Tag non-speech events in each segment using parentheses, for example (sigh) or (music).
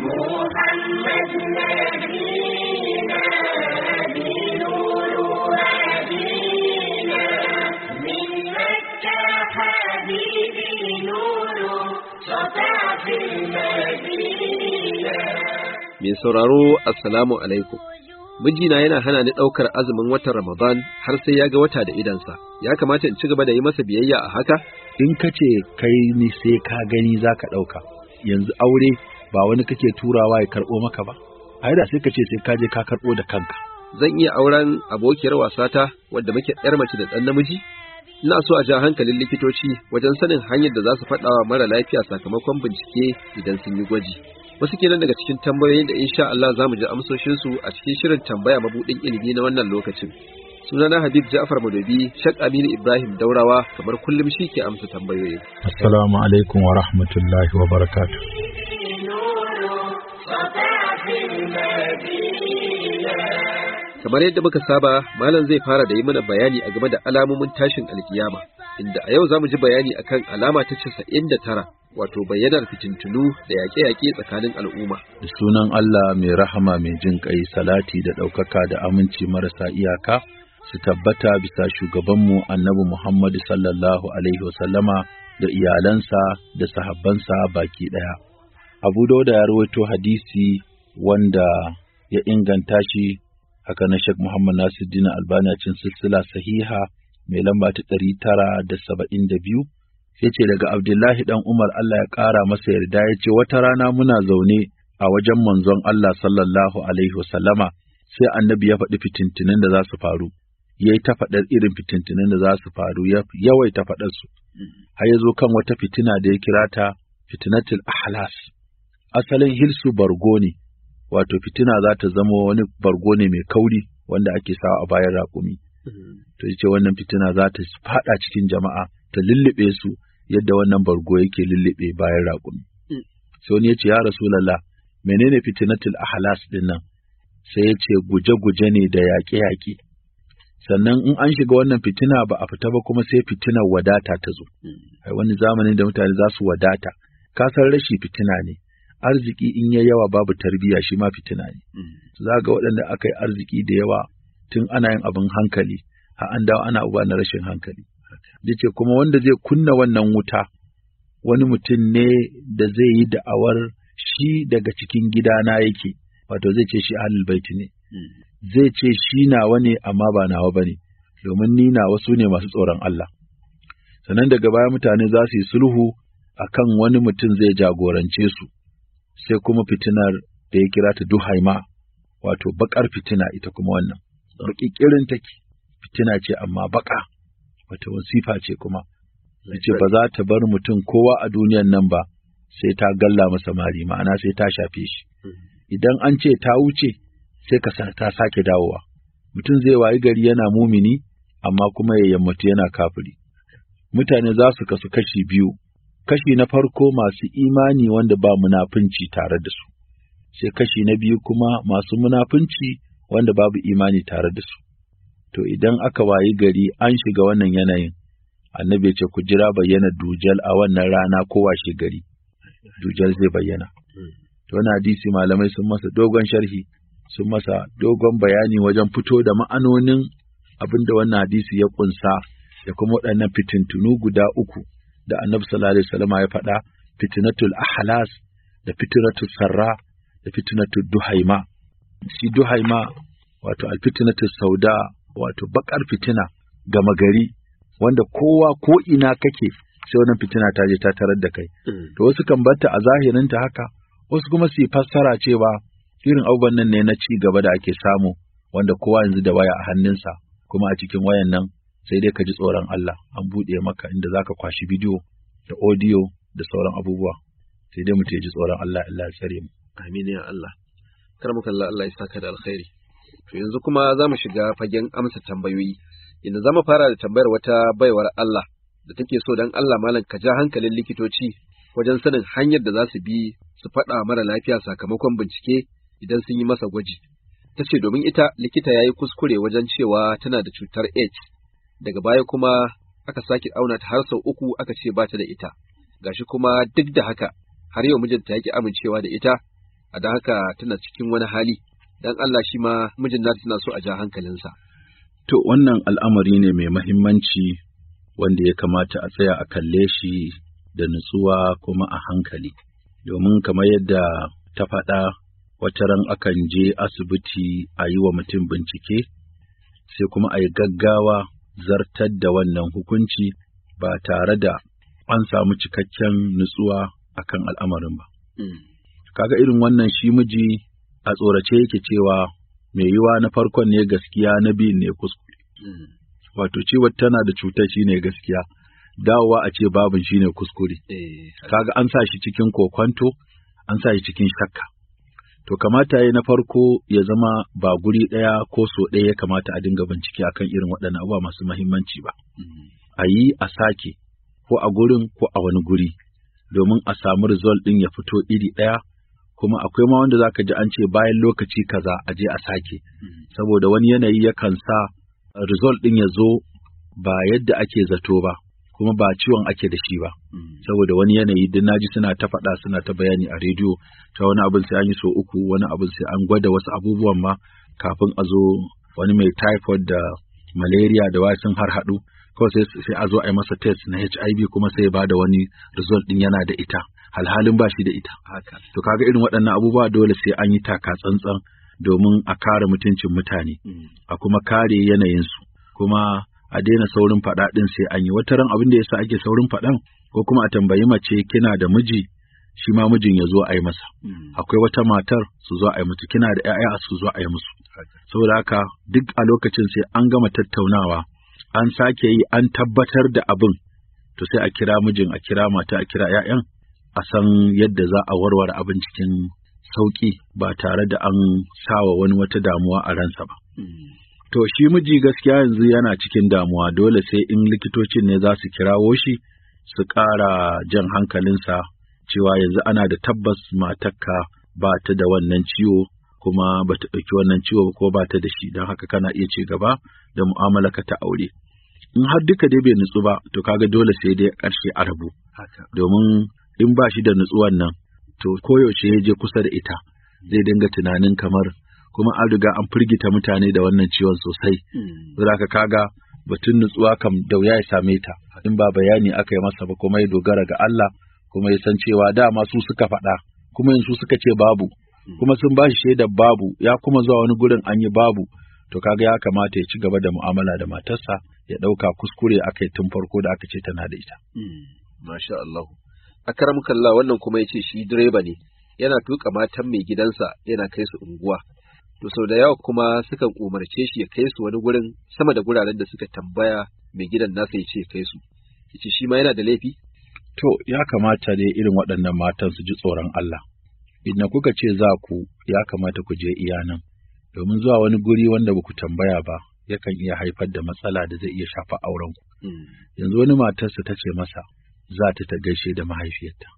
mai sauraro Assalamu alaikum mijina yana hana ni ɗaukar azumin watan Ramadan har sai ya ga wata da idansa, ya kamata in ci gaba da yi masa biyayya a haka? In ka ce kai ni sai ka gani za ka ɗauka, yanzu aure ba wani kake turawa ya karɓo maka ba ai da sai ka ce sai ka je ka karɓo da kanka zan iya auren abokiyar wasata wadda muke yar mace da ɗan namiji ina so a ja hankalin likitoci wajen sanin hanyar da za su faɗa wa mara lafiya sakamakon bincike idan sun yi gwaji wasu kenan daga cikin tambayoyin da insha Allah zamu mu amsoshin su a cikin shirin tambaya mabudin ilimi na wannan lokacin sunana Habib Ja'far Madobi Shak Aminu Ibrahim Daurawa kamar kullum shi ke amsa tambayoyi assalamu alaikum wa rahmatullahi wa barakatuh kamar yadda muka saba malam zai fara da yi mana bayani a game da alamomin tashin alkiyama inda a yau za mu ji bayani akan alama ta casa'in da tara wato bayyanar fitintunu da yaƙe-yaƙe tsakanin al'umma. Da sunan Allah mai rahama mai jin ƙai salati da ɗaukaka da aminci marasa iyaka su tabbata bisa shugabanmu annabi Muhammadu sallallahu alaihi wasallama da iyalansa da sahabbansa baki ɗaya. Abu da ya rawaito hadisi wanda ya inganta shi haka na Sheikh Muhammad Nasiruddin Albani a cikin silsila sahiha mai lamba ta ɗari tara da saba'in da biyu sai ce daga Abdullahi ɗan Umar Allah ya ƙara masa yarda ya ce wata rana muna zaune a wajen manzon Allah sallallahu alaihi wasallama sai annabi ya faɗi fitintinin da za su faru ya yi ta faɗar irin fitintinin da za su faru yawai ta faɗar su har ya zo kan wata fitina da ya kira ta fitinatul ahlas asalin hilsu bargo ne wato fitina za ta zama wani bargo ne mai kauri wanda ake sawa a bayan raƙumi. Mm-hmm. To ce wannan fitina za ta faɗa cikin jama'a ta lullube su yadda wannan bargo yake lullube bayan raƙumi. Mm. Sai wani ya ce ya Rasulallah menene fitinatul ahlas din nan? Sai ya ce guje-guje ne da yaƙe-yaƙe. Sannan in an shiga wannan fitina ba a fita ba kuma sai fitinar wadata ta zo. Mm. wani zamanin da mutane za su wadata, kasar rashi fitina ne. arziki in ya yawa babu tarbiya shi ma fitina ne. Mm. Za ga waɗanda aka yi arziki da yawa tun ana yin abin hankali, a an dawo ana uba na rashin hankali. Yace kuma wanda zai kunna wannan wuta, wani mutum ne da zai yi da'awar shi daga cikin gidana yake, wato zai ce shi ahlul baiti ne. Mm. Zai ce shi nawa ne amma ba nawa ba ne, domin ni nawa su ne masu tsoron Allah. Sannan daga baya mutane za su yi sulhu akan wani mutum zai jagorance su. sai kuma fitinar da ya kira ta duhaima wato bakar fitina ita kuma wannan kirin take fitina ce amma baka wata wasifa ce kuma ce ba za ta bar mutum kowa a duniyan nan ba sai ta galla masa mari ma'ana sai ta shafe shi idan an ce ta wuce sai ka ta sake dawowa mutum zai wayi gari yana mumini amma kuma ya yammaci yana kafiri mutane za su kasu kashi biyu kashi na farko masu imani wanda ba munafunci tare da su, sai kashi na biyu kuma masu munafunci wanda babu imani tare da su. To idan aka wayi gari an shiga wannan yanayin, annabi ya ce ku jira bayyana dujal a wannan rana ko washe gari, dujal zai bayyana. To wani hadisi malamai sun masa dogon sharhi, sun masa dogon bayani wajen fito da ma'anonin abinda da wannan hadisi ya ƙunsa da kuma waɗannan fitintunu guda uku. da annabi sallallahu alaihi ya faɗa fitnatul ahlas da fitnatul sarra da fitnatul duhaima shi duhaima wato alfitnatul sauda wato bakar fitina gama gari wanda kowa ko ina kake sai wannan fitina ta je ta tarar da kai mm. to wasu kan barta a zahirinta haka wasu kuma su fassara cewa irin abubuwan nan ne na ci gaba da ake samu wanda kowa yanzu da waya a hannunsa kuma a cikin wayan nan sai dai ka ji tsoron Allah an buɗe maka inda zaka ka kwashi bidiyo da audio da sauran abubuwa sai dai mutum ji tsoron Allah Allah ya tsare mu amin ya Allah kar mu kalla Allah ya saka da alkhairi to yanzu kuma za mu shiga fagen amsa tambayoyi inda za mu fara da tambayar wata baiwar Allah da take so dan Allah malam ka ja hankalin likitoci wajen sanin hanyar da za su bi su faɗa mara lafiya sakamakon bincike idan sun yi masa gwaji ta ce domin ita likita ya yi kuskure wajen cewa tana da cutar AIDS daga baya kuma aka sake auna ta har sau uku aka ce ba ta da ita gashi kuma duk da haka har yau mijinta yake amincewa da ita a don haka tana cikin wani hali dan Allah shi ma mijin nata tana so a ja hankalinsa to wannan al'amari ne mai mahimmanci wanda ya kamata a tsaya a kalle shi da nutsuwa kuma a hankali domin kamar yadda ta faɗa wata ran akan je asibiti a yi wa mutum bincike sai kuma a yi gaggawa zartar da wannan hukunci ba tare da an samu cikakken nutsuwa akan al'amarin ba. Hmm. Kaga irin wannan shi miji a tsorace yake cewa mai yiwa na farkon ne gaskiya na biyun ne kuskure. Hmm. Wato ciwon tana da cutar shi ne gaskiya, dawowa a ce babin shi ne kuskure. Eh, Kaga an sa shi cikin kokonto, an sa shi cikin shakka. to kamata ya na farko ya zama ba guri ɗaya ko so ɗaya ya kamata a dinga bincike akan irin waɗannan abubuwa masu mahimmanci ba. A yi a sake ko a gurin ko a wani guri domin a samu result ɗin ya fito iri ɗaya kuma akwai ma wanda zaka ji an ce bayan lokaci kaza a je a sake saboda wani yanayi yakan sa result ɗin ya zo ba yadda ake zato ba kuma ba ciwon ake da shi ba mm. saboda wani yanayi da naji suna ta faɗa suna ta bayani a rediyo ta wani abin sai an yi so uku wani abin sai an gwada wasu abubuwan ma kafin a zo wani mai typhoid da malaria da wasu sun har haɗu kawai sai sai a zo a yi masa test na HIV kuma sai ya bada wani result din yana da ita alhalin ba shi da ita haka to kaga irin waɗannan abubuwa dole sai an yi taka tsantsan domin a kare mutuncin mutane mm. a kuma kare yanayinsu kuma a daina saurin faɗa ɗin sai an yi wataran abin da yasa ake saurin faɗan ko kuma a tambayi mace kina da miji shi ma mijin ya zo a yi masa hmm. akwai wata matar su zo a yi musu kina da ƴaƴa su zo a yi musu saboda haka duk a lokacin sai an gama tattaunawa an sake yi an tabbatar da abin to sai a kira mijin a kira mata a kira ƴaƴan a san yadda za a warware abin cikin sauki ba tare da an sawa wani wata damuwa a ransa ba. Hmm. To shi miji gaskiya yanzu yana cikin damuwa dole sai in likitocin ne za su kirawo shi su ƙara jan hankalinsa cewa yanzu ana da tabbas matakka ba ta da wannan ciwo kuma ba ta ɗauki wannan ciwo ko ba ta da shi don haka kana iya ci gaba da mu'amala ka ta aure. In har duka dai bai nutsu ba to kaga dole sai dai ƙarshe a rabu. Domin in ba shi da nutsuwan nan to koyaushe ya je kusa da ita zai dinga tunanin kamar kuma an riga an firgita mutane da wannan ciwon sosai hmm. ka kaga batun nutsuwa kam da wuya ya same ta in ba bayani aka yi masa ba kuma ya dogara ga Allah kuma ya san cewa dama su suka faɗa kuma yanzu suka ce babu hmm. kuma sun ba shi shaidar babu ya kuma zuwa wani gurin an yi babu to kaga ya kamata ya ci gaba da mu'amala da matarsa ya ɗauka kuskure aka yi tun farko da aka ce tana da ita. Hmm. Masha Allah. Akaram kalla wannan kuma ya ce shi direba ne yana tuka matan mai gidansa yana kai su unguwa to sau da yawa kuma sukan umarce shi ya kai su wani gurin sama da guraren da suka tambaya mai gidan nasa ya ce kai su yace shi ma yana da laifi to ya kamata dai irin waɗannan matan su ji tsoron Allah idan kuka ce za ku ya kamata ku je iya nan domin zuwa wani guri wanda ba ku tambaya ba yakan iya haifar da matsala da zai iya shafa auren ku hmm. yanzu wani matarsa ta ce masa za ta ta gaishe da mahaifiyarta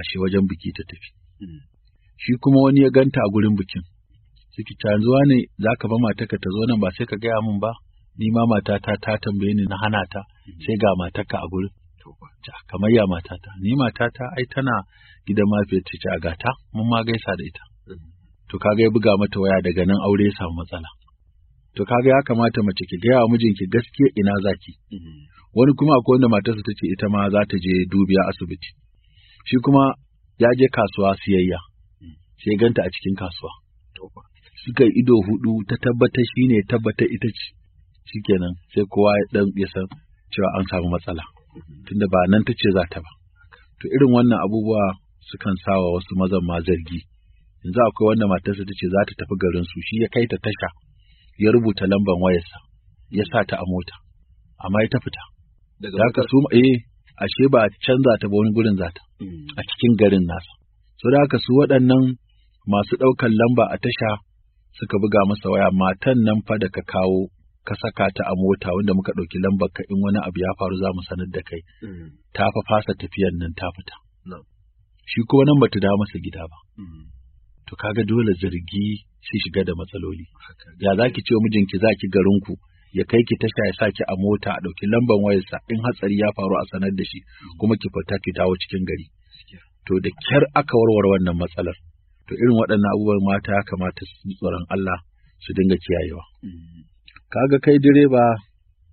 ashe wajen biki ta tafi hmm. shi kuma wani ya ganta a gurin bikin suke ta ne za ka ba matarka ta zo nan ba sai ka gaya min ba ni ma matata ta tambaye ni na hana ta mm-hmm. sai ga matarka a gurin kamar ya matata ni matata ai tana gidan mafi ta ce a gata mun ma gaisa da ita mm-hmm. to kaga ya buga mata waya daga nan aure ya samu matsala to kaga ya kamata mace ki gaya wa mijinki gaskiya ina zaki mm-hmm. wani kuma akwai wanda matarsa ta ce ita ma za ta je dubiya asibiti shi kuma ya je kasuwa siyayya mm. sai ganta a cikin kasuwa suka ido hudu ta tabbata ne tabbata ita ce kenan sai kowa ya dan ya san cewa an samu matsala tunda ba nan ta ce za ta ba to irin wannan abubuwa sukan sawa wasu mazan ma zargi yanzu akwai wanda matarsa ta ce za ta tafi garin su shi ya kai ta tasha ya rubuta lamban wayarsa ya sa ta a mota amma ya ta fita daga haka su eh ashe ba canza ta ba wani gurin zata hmm. a cikin garin nasa so da haka su waɗannan masu ɗaukar lamba a tasha suka buga masa waya matan nan fa da ka kawo ka saka ta a mota wanda muka ɗauki lambar ka in wani abu ya faru za mu sanar da kai mm. ta fa fasa tafiyan nan ta fita shi kuma nan bata da masa gida ba mm. to kaga dole zargi sai shiga da matsaloli ya zaki ce wa mijinki zaki garinku ya kai ki tasha ya sa ki a mota a ɗauki lambar wayarsa in hatsari ya faru a sanar da shi mm. kuma ki fita ki dawo cikin gari to da kyar aka warware wannan matsalar to irin waɗannan abubuwan mata ya kamata su tsoron Allah su dinga kiyayewa. Kaga kai direba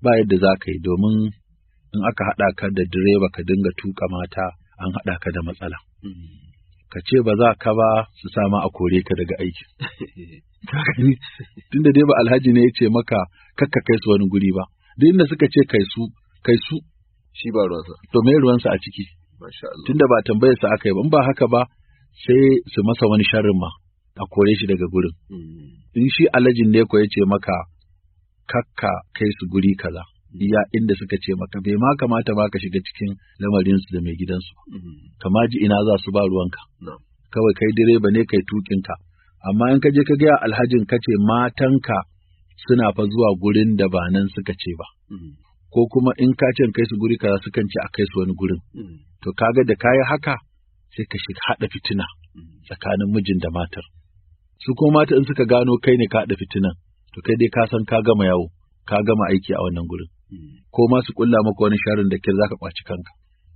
ba yadda za ka yi domin in aka haɗa ka da direba ka dinga tuka mata an haɗa ka da matsala. Ka ce ba za ka ba su sama a kore ka daga aiki. (laughs) Tunda dai ba alhaji ne ya ce maka kakka kai su wani guri ba. Duk inda suka ce kai su kai su. Shi ba ruwansa. To me ruwansa a ciki? Tunda ba tambayar sa aka yi ba, in ba haka ba sai su masa wani sharrin ma a kore shi daga gurin. Mm. In shi alajin ne ko ya ce maka kakka kai su guri kaza. Mm. Iya inda suka ce maka bai ma kamata ma ka shiga cikin lamarinsu da mai gidansu. Mm. Kama ji ina za su ba ruwanka. Kawai kai direba ne kai tukinka. Amma in ka je ka gaya alhajin ka ce matanka suna fa zuwa gurin da ba nan suka ce ba. Ko kuma in ka ce kai su guri kaza sukan ce a kai su wani gurin. To kaga da kayi haka sai ka shiga haɗa fitina mm-hmm. tsakanin mijin da matar. Su kuma mata in suka gano kai ne ka haɗa fitinan, to kai dai ka san ka gama yawo, ka gama aiki a wannan gurin. Mm-hmm. Ko ma su kulla maka wani sharin da kyar zaka ɓaci kanka.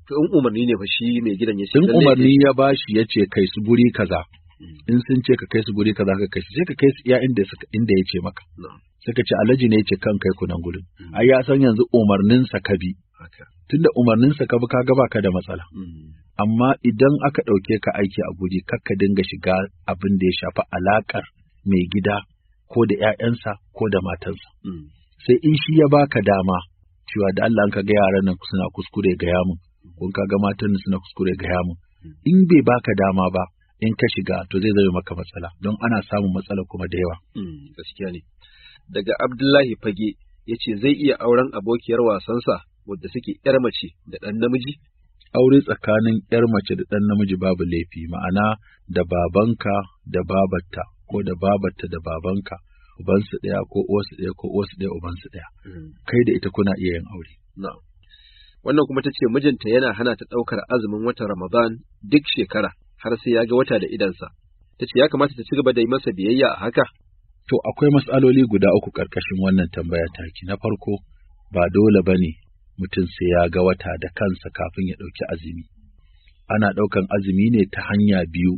To in umarni ne fa shi mai gidan ya ce. In umarni ya bashi ya ce kai su guri kaza. Mm-hmm. in sun ce ka kai su guri kaza ka kai su sai ka kai su iya inda inda ya ce maka suka ce alhaji ne ya ce kan kai ku nan gurin ai ya san yanzu umarninsa ka bi tunda umarninsa ka bi ka gaba ka da matsala amma idan aka ɗauke ka aiki a guri kakka dinga shiga abin da ya shafa alaƙar mai gida ko da ‘ya'yansa ko da matansa, hmm. Sai in shi ya baka dama cewa da Allah ka ga yaran nan suna kuskure ga yamun, hmm. kun ka ga matan nan suna kuskure ga yamun. Hmm. In bai baka dama ba in ka shiga to zai zama maka matsala don ana samun matsala kuma da yawa. Gaskiya ne. Daga Abdullahi Fage ya ce zai iya auren abokiyar wasansa wadda suke ‘yar mace da ɗan namiji aure tsakanin ‘yar mace da ɗan namiji babu laifi, ma'ana da babanka da babarta, ko da babarta da babanka, ubansu ɗaya ko uwarsu ɗaya ko uwarsu ɗaya ubansu ɗaya. Mm. Kai da ita kuna iya yin aure. Wannan kuma ta ce mijinta yana hana ta ɗaukar azumin watan Ramadan duk shekara har sai ya ga wata da idansa. Ta ce ya kamata ta ci gaba da yi masa biyayya a haka. To akwai matsaloli guda uku ƙarƙashin wannan tambaya taki. Na farko, ba dole ba ne mutum sai ya ga wata da kansa kafin ya ɗauki azumi. Ana ɗaukan azumi ne ta hanya biyu,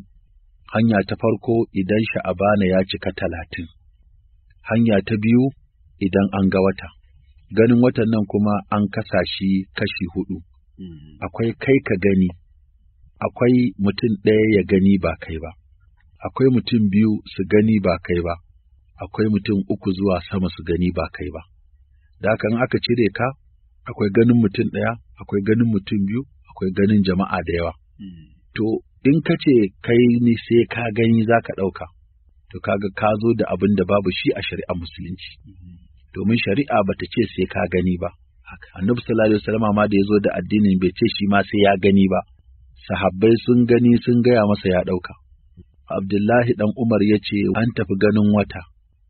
hanya ta farko idan sha'abana ya cika talatin, hanya ta biyu idan an ga wata. Ganin watan nan kuma an kasa shi kashi huɗu, mm-hmm. akwai kai ka gani, akwai mutum ɗaya ya gani ba kai ba, akwai mutum biyu su gani ba kai ba, akwai mutum uku zuwa sama su gani ba kai ba. Da aka cire ka, akwai ganin mutum ɗaya akwai ganin mutum biyu akwai ganin jama'a da yawa to in ka ce kai ni sai ka gani za ka ɗauka to kaga ka zo da abin da babu shi a shari'a musulunci domin shari'a bata ce sai ka gani ba annabi sallallahu alaihi ma da ya zo da addinin bai ce shi ma sai ya gani ba sahabbai sun gani sun gaya masa ya ɗauka Abdullahi ɗan Umar ya ce, An tafi ganin wata,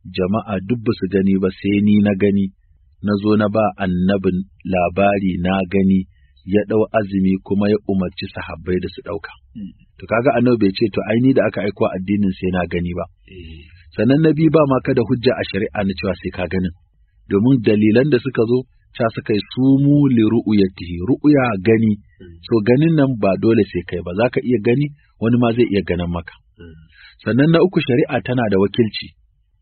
jama'a duk ba su gani ba sai ni na gani, na zo na ba annabin labari na gani ya ɗau azumi kuma ya umarci sahabbai da su ɗauka. To kaga annabi bai ce to aini da aka aiko addinin sai na gani ba. Eh. Sannan na biyu ba ma kada hujja a shari'a na cewa sai ka ganin. Domin dalilan da suka zo ta suka yi sumu li ru'uyatihi ru'uya gani hmm. so ganin nan ba dole sai kai ba za ka iya gani wani ma zai iya ganin maka. Hmm. Sannan na uku shari'a tana da wakilci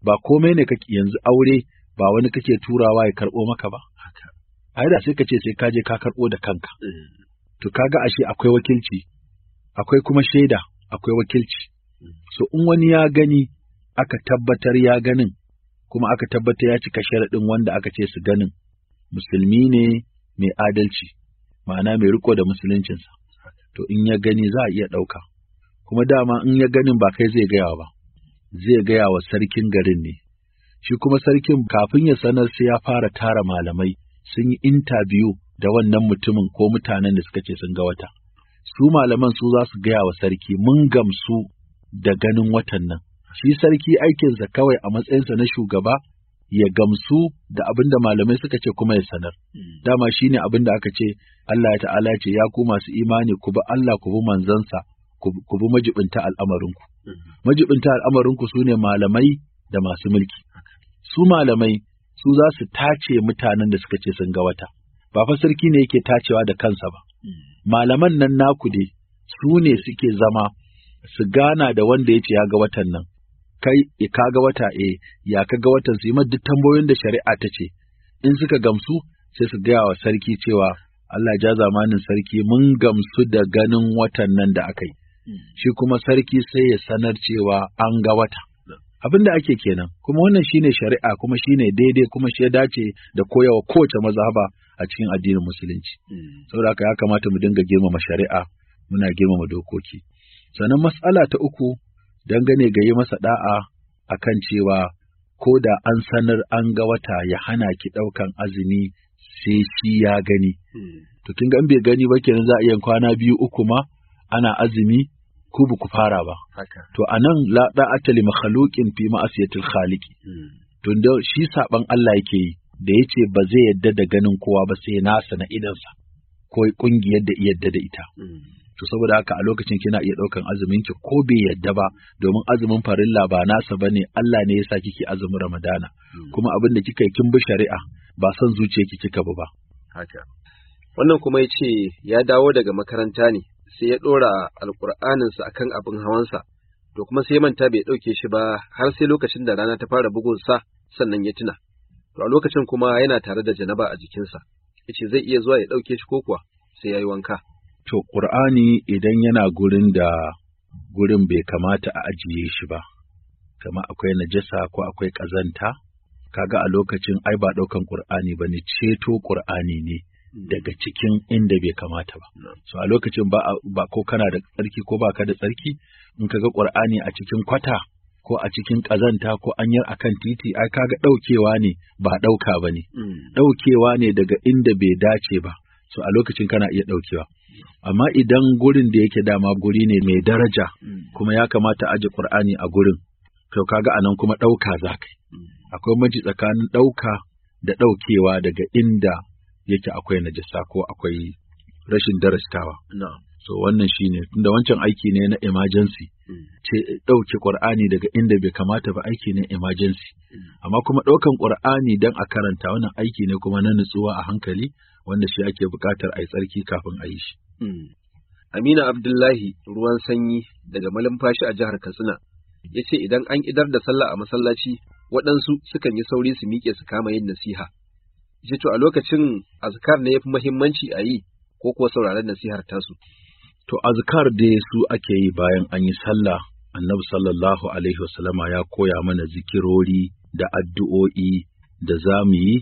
ba komai ne kake yanzu aure ba wani kake turawa ya karɓo maka ba haka ai da sai ka ce sai ka je ka karɓo da kanka mm. to kaga ashe akwai wakilci akwai kuma shaida akwai wakilci mm. so in wani ya gani aka tabbatar ya ganin kuma aka tabbatar ya cika sharaɗin wanda aka ce su ganin musulmi ne mai adalci ma'ana mai riko da musuluncinsa to in ya gani za a iya ɗauka kuma dama in ya ganin ba kai zai gaya ba zai gaya wa sarkin garin ne shi kuma sarkin kafin ya sanar sai ya fara tara malamai sun yi intabiyu da wannan mutumin ko mutanen da suka ce sun ga wata. Su malaman su za su gaya wa sarki mun gamsu da ganin watan nan. Shi sarki aikinsa kawai a matsayinsa na shugaba ya gamsu da abin da malamai suka ce kuma ya sanar. Hmm. Dama shi ne abin da aka ce Allah ya ta'ala ce ya ku masu imani ku bi Allah ku bi manzansa ku bi majibinta al'amarinku. Hmm. Majibinta al'amarinku su ne malamai da masu mulki. su malamai su za su tace mutanen da suka ce sun ga wata ba fa sarki ne yake tacewa da kansa ba malaman nan naku dai su ne suke zama su gana da wanda ya ce ya ga watan nan kai e ka ga wata Eh ya ka ga watan su yi duk tambayoyin da shari'a ta ce in suka gamsu sai su gaya wa sarki cewa Allah ja zamanin sarki mun gamsu da ganin watan nan da aka yi hmm. shi kuma sarki sai ya sanar cewa an ga wata abin da ake kenan kuma wannan shine shari'a kuma shine daidai kuma shi ya dace da koyawa kowace mazhaba a cikin addinin musulunci hmm. saboda haka ya kamata mu dinga girmama shari'a muna girmama dokoki sannan matsala ta uku dangane ga yi masa da'a akan cewa ko da an sanar an ga wata ya hana ki ɗaukan azumi sai shi ya gani hmm. to kin ga bai gani ba kenan za a iya kwana biyu uku ma ana azumi ko ba ku fara ba to anan la da'ata li makhluqin fi ma'asiyatil khaliqi hmm. to da shi saban Allah yake yi da yace ba zai yadda da ganin kowa ba sai nasa na idansa ko kungiyar da yadda da ita hmm. to saboda haka a lokacin kina iya daukan azumin ki ko bai yadda ba domin azumin farilla ba nasa bane Allah ne yasa kike azumin Ramadana hmm. kuma abin da kika yi kin bi shari'a ba son zuciyarki kika bi ba haka wannan kuma yace ya dawo daga makaranta ne sai ya ɗora alƙur'aninsa a kan abin hawansa, to kuma sai manta bai ɗauke shi ba har sai lokacin da rana ta fara bugunsa sannan ya tuna. To a lokacin kuma yana tare da janaba a jikinsa, yace zai iya zuwa ya ɗauke shi ko kuwa sai ya yi wanka. To Ƙur'ani idan yana gurin da gurin bai kamata a ajiye shi ba, kama akwai najasa ko akwai ƙazanta, kaga a lokacin ai ba ɗaukan Ƙur'ani ba ne ceto Ƙur'ani ne. daga cikin inda bai kamata ba. So a lokacin ba, ko kana da tsarki ko ba ka da tsarki in ka ga Ƙur'ani a cikin kwata ko a cikin kazanta ko anyar akan titi ai kaga ɗaukewa ne ba ɗauka ba ne. Mm. Ɗaukewa ne daga inda bai dace ba. So a lokacin kana iya ɗaukewa. Amma idan gurin da yake dama guri ne mai daraja mm. kuma ya kamata aje Ƙur'ani a gurin. To kaga anan kuma ɗauka za ka yi. Mm. Akwai maji tsakanin ɗauka da ɗaukewa daga inda yake akwai najasa ko akwai rashin darastawa. So wannan shi ne. tunda wancan aiki ne na emergency. Mm. Ce ɗauke Ƙur'ani daga inda bai kamata ba aiki ne emergency. Mm. Amma kuma ɗaukan Ƙur'ani don a karanta wannan aiki ne kuma na nutsuwa a hankali wanda shi ake buƙatar a yi tsarki kafin a yi shi. Mm. Amina Abdullahi ruwan sanyi daga malumfashi a jihar Katsina ya ce idan an idar da sallah a masallaci waɗansu sukan yi sauri su miƙe su kama yin nasiha ce to a lokacin azkar ne yafi muhimmanci a yi ko kuwa sauraron nasihar tasu to azkar da su ake yi bayan an yi sallah annabi sallallahu alaihi wasallama ya koya mana zikirori da addu'o'i da za mu yi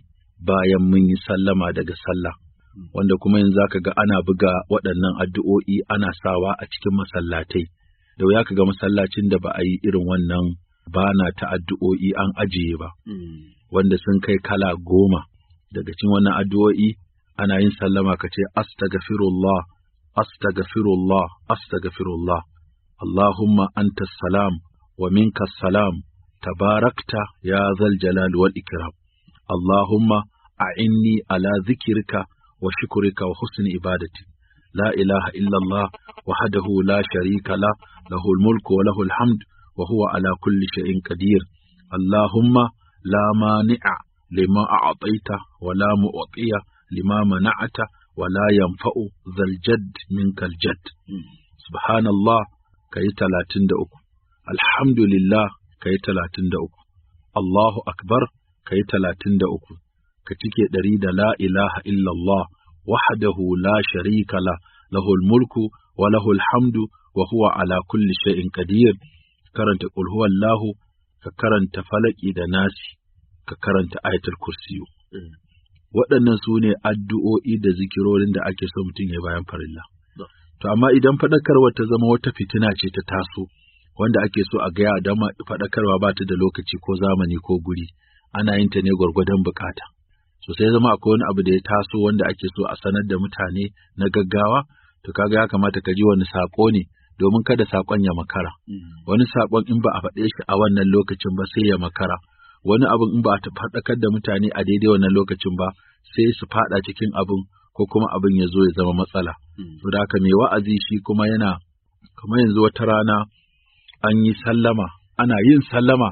bayan mun yi sallama daga sallah wanda kuma yanzu zaka ga ana buga waɗannan addu'o'i ana sawa a cikin masallatai da ya ga masallacin da ba a yi irin wannan bana ta addu'o'i an ajiye ba, hmm. wanda sun kai kala goma, daga cikin wannan addu'o'i ana yin sallama kace astaghfirullah astaghfirullah astaghfirullah Allahumma anta salam wa minka salam tabarakta ya zal jalal wal ikram Allahumma a'inni ala dhikrika wa shukrika wa husni ibadati لا إله إلا الله وحده لا شريك له له الملك وله الحمد وهو على كل شيء قدير اللهم لا مانع لما أعطيت ولا مؤطية لما منعت ولا ينفع ذا الجد منك الجد سبحان الله كي تلاتين دأكو الحمد لله كي تلاتين دأكو الله أكبر كي تلاتين دأكو كتكي دريد لا إله إلا الله وحده لا شريك له له الملك وله الحمد وهو على كل شيء قدير كرنت قل هو الله ككرنت فلك إذا ناسي ka karanta ayatul kursiyu mm. waɗannan su ne addu'o'i da zikirorin da ake so mutum ya bayan farilla to amma idan faɗakarwa ta zama wata fitina ce ta taso wanda ake so a gaya da faɗakarwa ba ta da lokaci ko zamani ko guri ana yin ta ne gwargwadon bukata so sai zama akwai wani abu da ya taso wanda ake so a sanar da mutane na gaggawa to kaga ya kamata ka ji wani saƙo ne domin kada saƙon ya makara. Mm. Wani saƙon in ba a faɗe shi a wannan lokacin ba sai ya makara, wani abin in ba ta faɗakar da mutane a daidai wannan lokacin ba sai su faɗa cikin abin ko kuma abin ya zo ya zama matsala. Hmm. Saboda haka mai wa'azi shi kuma yana kamar yanzu wata rana an yi sallama ana yin sallama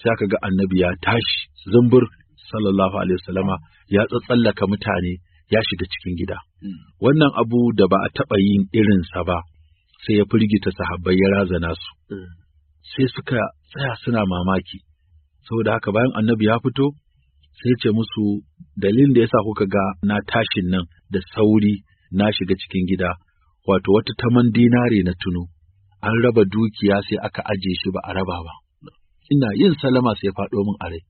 sai aka ga annabi ya tashi zumbur sallallahu alaihi wasallama ya tsatsallaka mutane ya shiga cikin gida. Hmm. Wannan abu da ba a taɓa yin irinsa ba sai ya firgita sahabbai ya razana su. Hmm. Sai suka tsaya suna mamaki. saboda haka bayan annabi ya fito sai ce musu dalilin da yasa kuka ga na tashin nan da sauri na shiga cikin gida wato wata taman dinare na tuno an raba dukiya sai aka ajiye shi ba a raba ba ina yin salama sai faɗo min a rai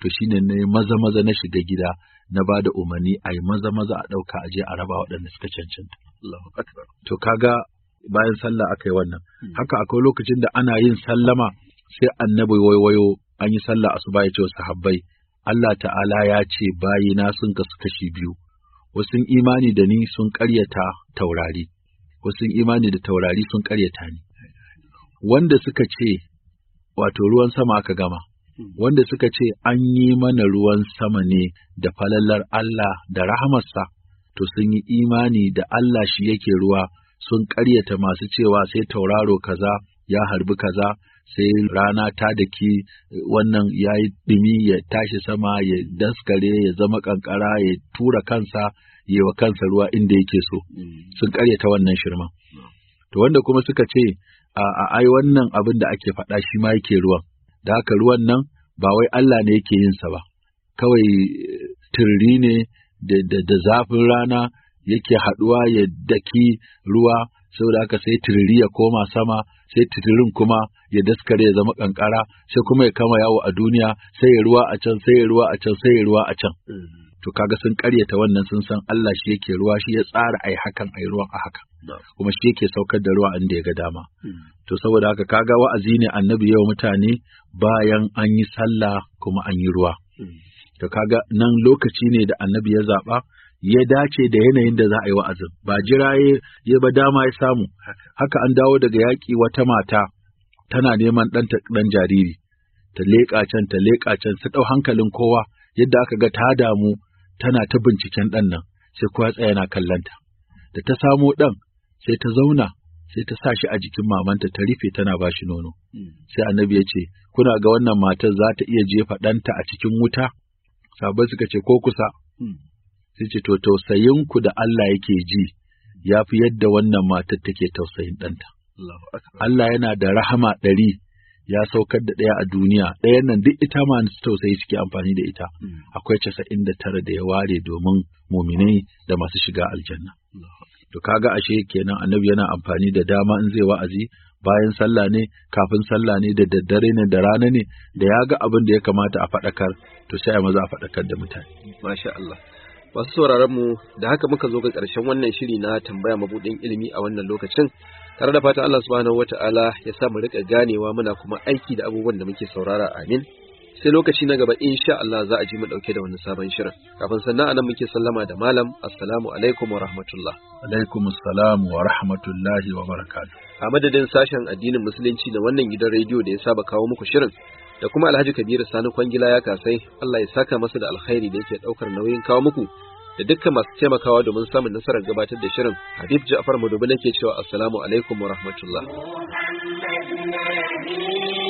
to shine ne maza maza na shiga gida na bada umarni a yi maza maza a ɗauka aje a raba waɗanda suka cancanta. To kaga bayan sallah aka yi wannan. Hmm. Haka akwai lokacin da ana yin sallama sai annabi waiwayo an yi sallah asuba ya ce wa sahabbai Allah ta'ala ya ce bayina sun kasu kashi biyu wasu imani da ni sun ƙaryata taurari wasu imani da taurari sun ƙaryata ni wanda suka ce wato ruwan sama aka gama wanda suka ce an yi mana ruwan sama ne da falallar Allah da rahamarsa to sun yi imani da Allah shi yake ruwa sun ƙaryata masu cewa sai tauraro kaza ya harbi kaza sai rana ta daki wannan ya yi ɗumi ya tashi sama ya daskare ya zama ƙanƙara, ya tura kansa ya wa kansa ruwa inda yake so mm. sun ta wannan shirman to wanda kuma suka ce a ai wannan abin da ake faɗa shi ma yake ruwan da haka ruwan nan ba wai Allah ne yake yin sa ba kawai turri ne da zafin rana yake haɗuwa ya daki ruwa saboda haka sai turri ya koma sama sai titirin kuma ya daskare ya zama kankara sai kuma ya kama yawo a duniya sai ya ruwa a can sai ya ruwa a can sai ya ruwa a can to kaga sun karyata wannan sun san Allah shi yake ruwa shi ya tsara ai hakan ai ruwan a haka kuma shi yake saukar da ruwa inda ya ga dama hmm. to saboda haka kaga wa'azi ne annabi yau mutane bayan an yi sallah kuma an yi ruwa hmm. to kaga nan lokaci ne da annabi ya zaba ya dace da yanayin da za a yi wa'azin ba jira ya ba dama ya samu haka an dawo daga yaƙi wata mata tana neman ɗan ɗan jariri ta leƙa can ta leƙa can su ɗau hankalin kowa yadda aka ga ta damu tana ta binciken ɗan nan sai kowa tsaye na kallonta da ta samo ɗan sai ta zauna sai ta sa shi a jikin mamanta ta rufe tana ba shi nono sai annabi ya ce kuna ga wannan matar za ta iya jefa ɗanta a cikin wuta sabai suka ce ko kusa sai ce to tausayinku da Allah yake ji ya fi yadda wannan matar take tausayin ɗanta. Allah yana da rahama ɗari ya saukar da ɗaya a duniya ɗayan nan duk ita ma tausayi suke amfani da ita hmm. akwai casa'in da tara da ya ware domin muminai da masu shiga aljanna. To kaga ashe kenan annabi yana amfani da dama in zai wa'azi bayan sallah ne kafin sallah ne da daddare ne da rana ne da ya ga abin da ya kamata a faɗakar to sai a maza a faɗakar da mutane. Masha Allah. masu sauraron mu da haka muka zo ga ƙarshen wannan shiri na tambaya mabudin ilimi a wannan lokacin tare da fatan Allah subhanahu wata'ala ya sa mu rika ganewa muna kuma aiki da abubuwan da muke saurara amin sai lokaci na gaba insha Allah za a ji mu dauke da wani sabon shirin kafin sannan anan muke sallama da malam assalamu alaikum wa rahmatullah alaikum assalam wa rahmatullahi wa barakatuh a madadin sashen addinin musulunci da wannan gidan rediyo da ya saba kawo muku shirin da kuma Alhaji Kabiru Sani Kwangila ya kasai Allah ya saka masa da alkhairi da yake daukar nauyin kawo muku da dukkan masu taimakawa domin samun nasarar gabatar da shirin Habib Ja'far Madubi nake cewa assalamu alaikum wa rahmatullah